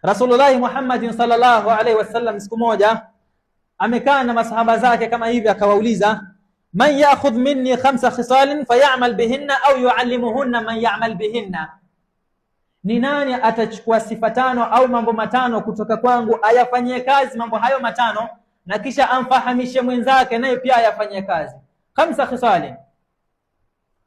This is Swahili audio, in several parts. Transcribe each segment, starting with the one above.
Rasulullahi Muhammadin sallallahu alaihi wasallam siku moja amekaa na masahaba zake kama hivi, akawauliza man ya'khudh minni khamsa khisalin fayamal bihinna au yuallimuhunna man yamal bihinna, ni nani atachukua sifa tano au mambo matano kutoka kwangu ayafanyie kazi mambo hayo matano na kisha amfahamishe mwenzake naye pia ayafanyie kazi. Khamsa khisalin,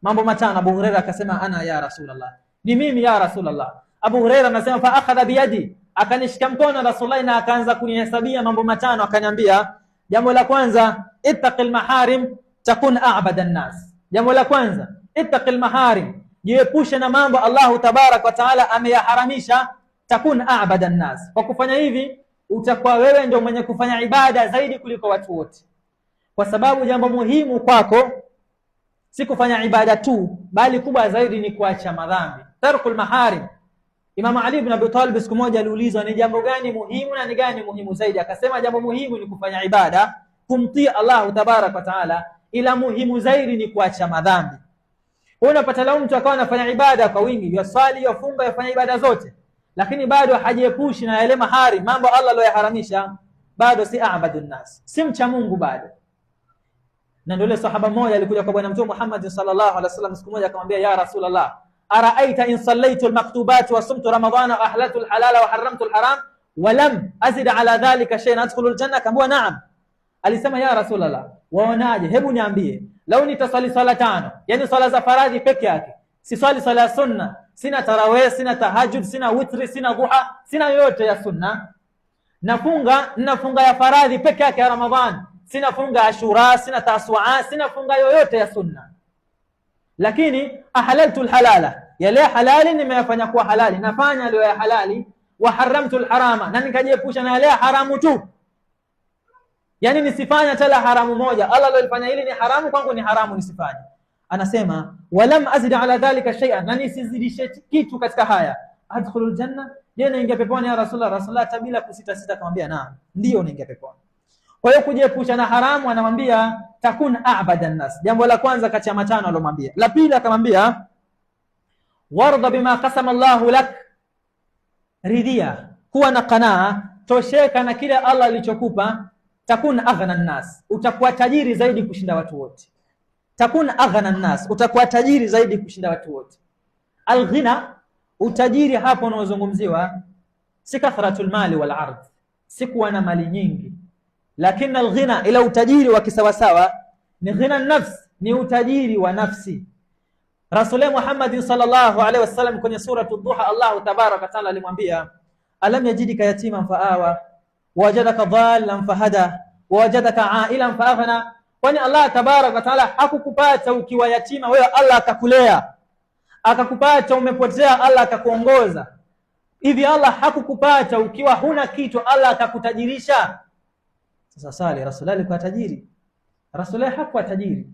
mambo matano. Abu Huraira akasema ana ya Rasulullah, ni mimi ya Rasulullah. Abu Huraira anasema fa akhadha biyadi akanishika mkono Rasulullah na akaanza kunihesabia mambo matano, akaniambia, jambo la kwanza, ittaqil maharim takun a'bada nas Jambo la kwanza, ittaqil maharim, jiepushe na mambo Allahu tabarak wa taala ameyaharamisha, takun a'bada nas Kwa kufanya hivi utakuwa wewe ndio mwenye kufanya ibada zaidi kuliko watu wote, kwa sababu jambo muhimu kwako si kufanya ibada tu, bali kubwa zaidi ni kuacha madhambi, tarkul maharim Imam Ali ibn Abi Talib siku moja aliulizwa ni jambo gani muhimu na ni gani muhimu zaidi, akasema jambo muhimu ni kufanya ibada, kumtii Allahu tabarak wa taala, ila muhimu zaidi ni kuacha madhambi. Wewe unapata lao mtu akawa anafanya ibada kwa wingi, yaswali, yafunga, yafanya ibada zote, lakini bado hajiepushi na yale mahari, mambo Allah aliyoharamisha, bado si abadu nnas, si mcha Mungu bado. Na ndio ile sahaba mmoja alikuja kwa Bwana Mtume Muhammad sallallahu alaihi wasallam siku moja akamwambia, ya Rasulullah araaita in sallaitu lmaktubati wasumtu ramadhana ahlatu lhalala waharamtu lharam walam azid ala dhalika shay'an adkhulu ljanna? Akaambiwa naam. Alisema ya Rasulullah, waonaje? Hebu niambie, lau nitaswali swala tano, yani swala za faradhi peke yake, siswali swala ya sunna, sina tarawih, sina tahajjud, sina witri, sina duha, sina yoyote ya sunna, nafunga ninafunga ya faradhi peke yake ya Ramadhani, sina funga Ashura, sina taswaa, sina funga yoyote ya sunna, lakini ahalaltu lhalala yale halali nimeyafanya kuwa halali, nafanya yaliyo ya halali, wa haramtu alharama, na nikajiepusha na yale haramu tu. Yani nisifanya tala haramu moja. Allah alilofanya hili ni haramu kwangu, ni haramu nisifanye. Anasema walam azid ala dhalika shay'an, na nisizidishe kitu katika haya. Adkhulul janna, je, naingia peponi ya Rasulullah? Rasulullah tabila kusita sita akamwambia naam, ndio naingia peponi. Kwa hiyo kujiepusha na haramu, anamwambia takun a'bada nnas. Jambo la kwanza kati ya matano alomwambia. La pili akamwambia warda bima qasama Allahu lak, ridhia, kuwa na qanaa, tosheka na kile Allah alichokupa. Takun aghna nnas, utakuwa tajiri zaidi kushinda watu wote. Takun aghna nnas, utakuwa tajiri zaidi kushinda watu wote. Alghina, utajiri hapo unaozungumziwa si kathratul mali wal ard, si kuwa na mali nyingi, lakini alghina, ila utajiri wa kisawasawa ni ghina nafs, ni utajiri wa nafsi Rasule Muhammadin sallallahu alaihi wasallam kwenye suratu Duha, Allahu tabaraka taala alimwambia alam yajidika yatiman faawa wawajadaka dhalan fahada wawajadaka ailan faaghna, kwani Allah tabaraka taala hakukupata ukiwa yatima wewe, Allah akakulea akakupata umepotea, Allah akakuongoza. Hivi Allah hakukupata ukiwa huna kitu, Allah akakutajirisha? Sasa sali Rasule alikuwa tajiri? Rasule hakuwa tajiri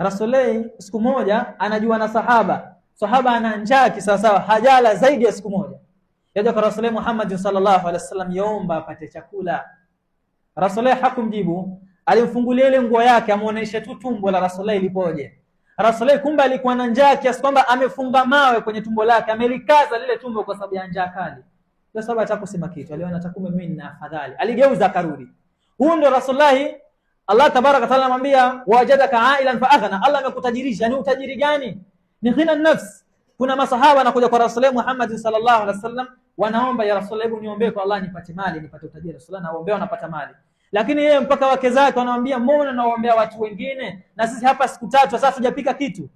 Rasulei siku moja anajua na sahaba, sahaba ana njaa kisawasawa, hajala zaidi ya siku moja. Yaja kwa Rasulei Muhammad sallallahu alaihi wasallam yomba apate chakula. Rasulei hakumjibu, alimfungulia ile nguo yake amuoneshe tu tumbo la Rasulei lipoje. Rasulei kumbe alikuwa na njaa kiasi kwamba amefunga mawe kwenye tumbo lake, amelikaza lile tumbo kwa sababu ya njaa kali. Kwa sababu kitu, aliona takume mimi na afadhali. Aligeuza akarudi. Huyu ndo Rasulullahi Allah tabaraka taala anamwambia wajadaka ailan fa aghna, Allah amekutajirisha. Ni utajiri gani? Ni ghina nafsi. Kuna masahaba wanakuja kwa Rasulullah Muhammad sallallahu alaihi wasallam, wanaomba ya Rasulullah, hebu niombee kwa Allah nipate mali, nipate utajiri. Rasulullah naombea, wanapata mali, lakini yeye mpaka wake zake wanamwambia, mbona naombea watu wengine na sisi hapa siku tatu sasa tujapika kitu.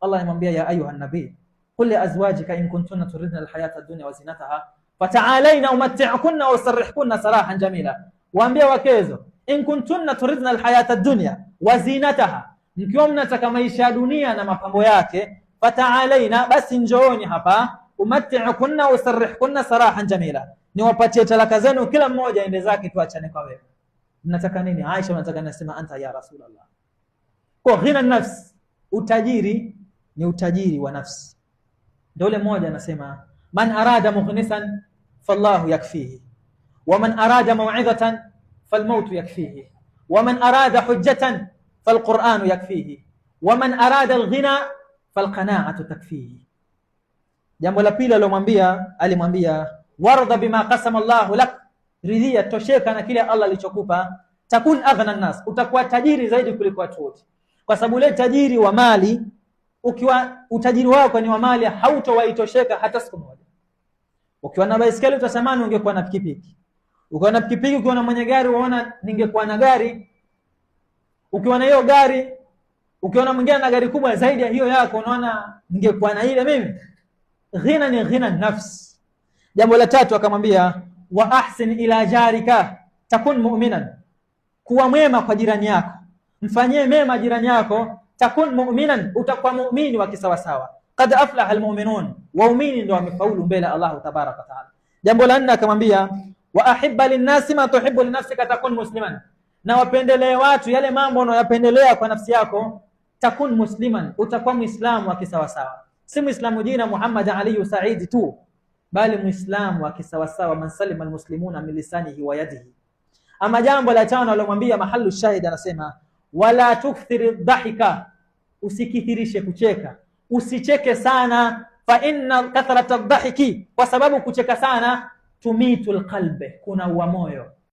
Allah anamwambia ya ayuha nabii qul li azwajika in kuntunna turidna alhayata ad-dunya wa zinataha fata'alaina umatti'kunna wa sarrihkunna sarahan jamila, waambie wakezo in kuntunna turidna alhayata dunya wa zinataha, mkiwa mnataka maisha ya dunia na mapambo yake, fataalaina, basi njooni hapa, umatti'ukunna usarrihkunna sarahan jamila, niwapatie talaka zenu, kila mmoja ende zake, tuachane kwa wewe. Mnataka nini? Aisha mnataka nasema, anta ya Rasulullah. Kwa ghina nafsi, utajiri ni utajiri wa nafsi. Ndio ule mmoja anasema, man arada mughnisan fallahu yakfihi wa man arada maw'izatan فالموت يكفيه ومن أراد حجة فالقرآن يكفيه ومن أراد الغنى فالقناعة تكفيه jambo la pili alomwambia alimwambia wardha bima qasama Allahu lak ridhia tosheka na kile Allah alichokupa takun aghna nas utakuwa tajiri zaidi kuliko watu wote kwa sababu ile tajiri wa mali ukiwa utajiri wako ni wa mali hautowaitosheka hata siku moja ukiwa na baiskeli utasamani ungekuwa na pikipiki ukiwa na pikipiki, ukiwa na mwenye gari, waona ningekuwa na gari, ukiwa na hiyo gari, ukiona mwingine na gari kubwa zaidi ya hiyo yako, unaona ningekuwa na ile mimi. Ghina ni ghina nafsi. Jambo la tatu akamwambia, wa ahsin ila jarika takun mu'minan, kuwa mwema kwa jirani yako, mfanyie mema jirani yako, takun mu'minan, utakuwa muumini wa kisawasawa. kad aflaha almu'minun, waumini ndio wamefaulu mbele Allahu tabaraka wa taala. Jambo la nne akamwambia wa ahibba linnasi ma tuhibbu linafsika takun musliman, na wapendelee watu yale mambo unayoyapendelea kwa nafsi yako. Takun musliman, utakuwa muislamu wa kisawasawa, si muislamu jina Muhammad Ali Saidi tu, bali muislamu wa kisawasawa. Man salima almuslimuna min lisanihi wa yadihi. Ama jambo la tano alomwambia mahalu shahid, anasema wala tukthiri dhahika, usikithirishe kucheka, usicheke sana. Fa inna kathrata dhahiki, kwa sababu kucheka sana tumitu lqalbe, kuna ua moyo